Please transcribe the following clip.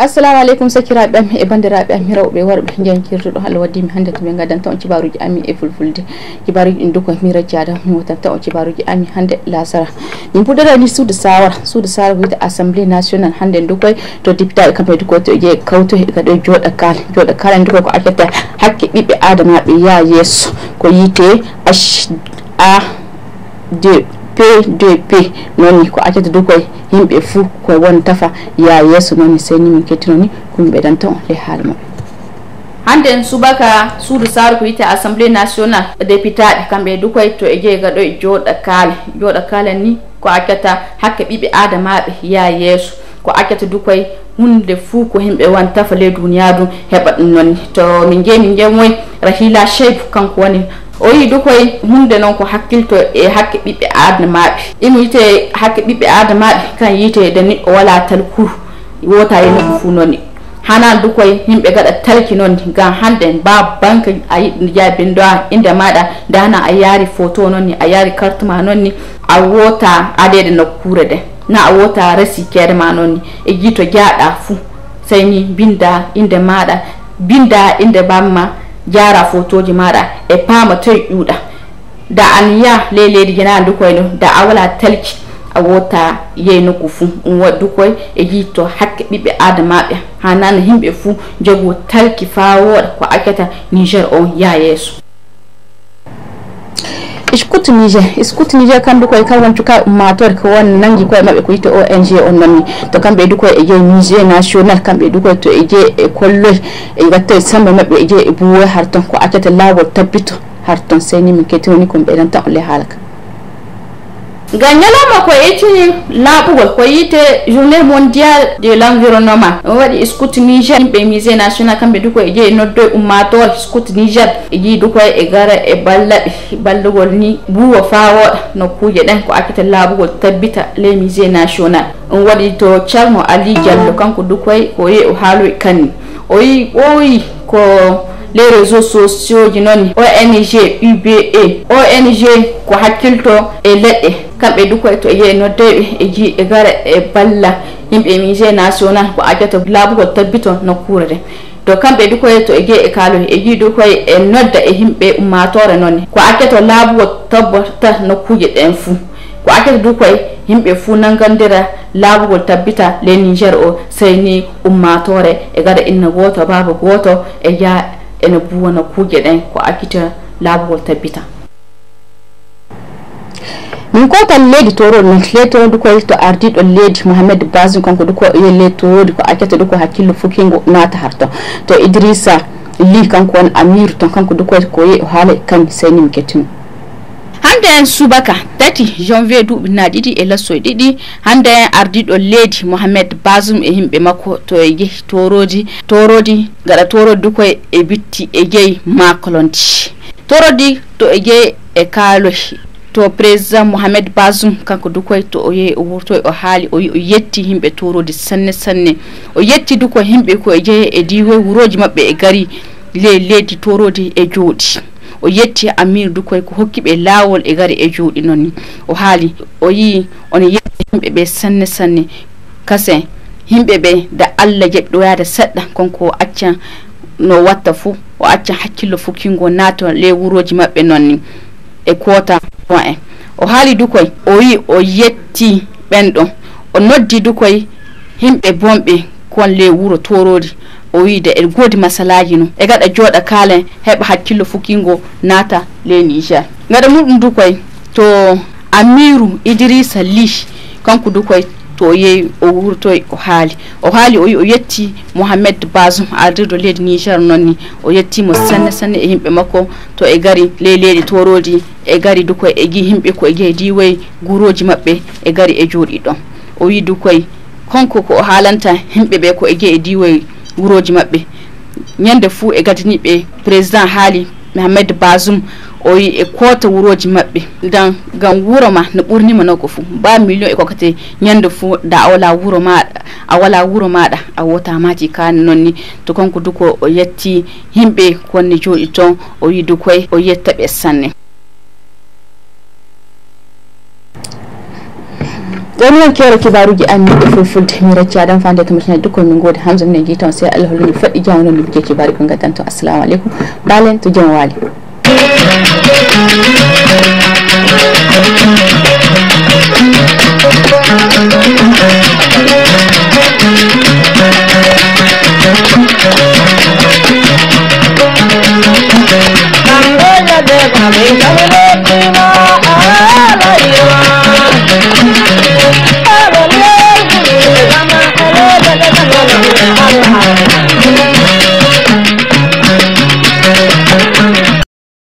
assalamu aleykum sakiraɓe am e bandiraɓe ami rewɓe worɓe jancirtuɗo allah waddimi hannde tomin gaddanta on cibaruji ami e fulfulde cibaruji ɗin duko mira diada mi watanta on cibaruji ami hannde lasara min puɗɗatani suude sawara suude sawara wiyde assemblé national hannde dukoye to députaɓe kamɓe dukoto jeey kawtoy e kadi o jooɗa kaale jooɗa kaale en dukoy ko accata hakke ɓiɓɓe adamaɓe yaa yesso ko yiite h a 2 pdp noonni ko accata du koye yimɓe fuu ko won tafa ya yesso noonni seni min kettino ni koyimɓe dan tan le haala maɓɓe hannde en subaka suudu saaru ko wiyete assemblée national députaɗe kamɓe du koye to e jeyga ɗo e jooɗa kaale jooɗa kaalen ni ko accata hakke ɓiɓe aadamaɓe ya yesso ko accata du koye hunde fuu ko yimɓe wan tafa le duniya dum heɓa ɗum noonni to min jeyi min jemoye rahila cheibe kanko woni o yi dukoy hunde noon ko hakkilto e hakke ɓiɓɓe adamaɓe imi yite hakke ɓiɓɓe adamaɓe kan da neɗɗo wala talkuru wota e fu fuu hana hanan dukoy yimɓe gaɗa talki noon gam hande ba banque a yiɗi jabindo a inde maɗa dana a yaari photo noon a yaari carte ma noon ni a wota adede nokkure da na a wota resi kere ma noon e jito jaaɗa fuu sai ni binda inde maɗa binda inde bamma jara photoji maɗa e pama toy ɗuɗa da lele leledi gena dukoyno da awala talki a wota yeyno ko fuu um e jito hakke ɓiɓɓe adama ha nana himɓe fu jogo talki fa wooɗa ko accata niger ya yesu scoute niger scoute niger kam du koye kam wonco ka ummatore ko won nangi koye mabɓe ko yitte ong on nonni to kamɓe du koye e jeey niger national kamɓe du koye to e jeey e kolloy e watta e sembe mabɓe e jeey e bouwoy har ton ko accata lawol tabbito har ton seyni min ketoni komi ɓeydantan o le haala ka ngam ñalawma ko yettini laaɓugol ko yiite journée mondial de l' environnement ɗum waɗi scout niger yimɓe musé national kamɓe duko e jeyi noddo ummatore scout niger e jii duko e gara e ballaɓe ballugol ni buwo fawoɗa nokkuje ɗen ko accita laaɓugol tabbita les musé national ɗum waɗi to calmo ali diallo kanko dukoye ko wi o haaloy kanni o yi ɓooyi ko les réseaux sociaux ji noon ni ong uba e. ong ko hakkilto e leɗɗe kamɓe dukoye to e yeey noddeɓe e ji e gara e balla yimɓe mise national ko ajata laabugol tabbito nokkure de to kamɓe dukoye to e jeey e kaaloy e ji dukoye e nodda e yimɓe ummatore noon ni ko accata laabugol tabbata nokkuje ɗen fuu ko accata dukoye yimɓe fuu nangandira laabugol tabbita le nigér o seyni ummatore e gara inna gooto baaba gooto e jaa ene buwana kuuje ɗen ko akkita laabugol tabbita min kotan leydi torodi leydi torodi ko to ardiɗo leydi mouhamed basin konko ɗo ko ye leydi torodi ko accata ɗo ko hakkille fukingo naata har ton to idrissa li kanko woni amir ton kanko ɗo koy ko ye haala e kañ seynimi kettimi hande en subaka tati janvier duuɓi na ɗiɗi e lassoye ɗiɗi hande en ardiɗo leydi mohamed basum e yimɓe makko to e yehi toroji torodi gaɗa torodi dukoye e bitti e jeyi makolonti torodi to e jeyi e kaaloy to président mohamed basum kanko dukoye to o yehi o wurtoye o haali o yetti yimɓe torodi sanne sanne o yetti dukoye yimɓe koye jeeye e, e diwo wuroji maɓɓe e gaari ley leydi torodi e jooɗi o yetti amir du koye ko hokki ɓe laawol e gari e juuɗi noon ni o haali o yii ona yetti himɓe ɓe sanne sanne kase himɓe ɓe da allah jaɓi ɗo yaada seɗɗa konko o acca no watta fuu o acca hakkillo fuu kingo naato ley wuroji maɓɓe noon ni e kota point en o haali du koye o wii o yetti ɓen ɗo o noddi du koye himɓe bonɓe kon ley wuro torori o wiide e goodi masalaji no e gaɗa jooɗa kaalen heɓa hakkillo fukingo naata ley niger gaɗa muɗum du koye to amiru idrissa li kanko du koye to o yeeyi o wurtoy o haali o haali o wi o yetti mouhamed basum ardirdo leydi niger noon ni o yettimo sanne sanne e yimɓe makko to e gari ley leyɗi toroji e gari du koye e gi yimɓe ko e gi e diwoye guroji maɓɓe e gari e jooɗi ɗon o wi du koye konko ko o haalanta yimɓe ɓe ko e gi e diwoye wuroji maɓɓe ñande fuu e gadaniɓe président haali mahamed basum o yi e koota wuroji maɓɓe dan gam wuro ma no ɓurnima noko fuu ba million e kokate ñande fuu da a wala wuro maɗa a wala wuro maɗa a wota maji kani noon ni to konko duko o yetti himɓe konne jooɗi toon o wi dukoye o yettaɓe sanne kiyar ki kibaru gi an da fulful ta mira cha dan fanda ta mutane dukkan min gode hamza ne gita sai Allah ne fadi ga wannan duke kibaru kun ga tantu assalamu alaikum balen to jan wali Thank you.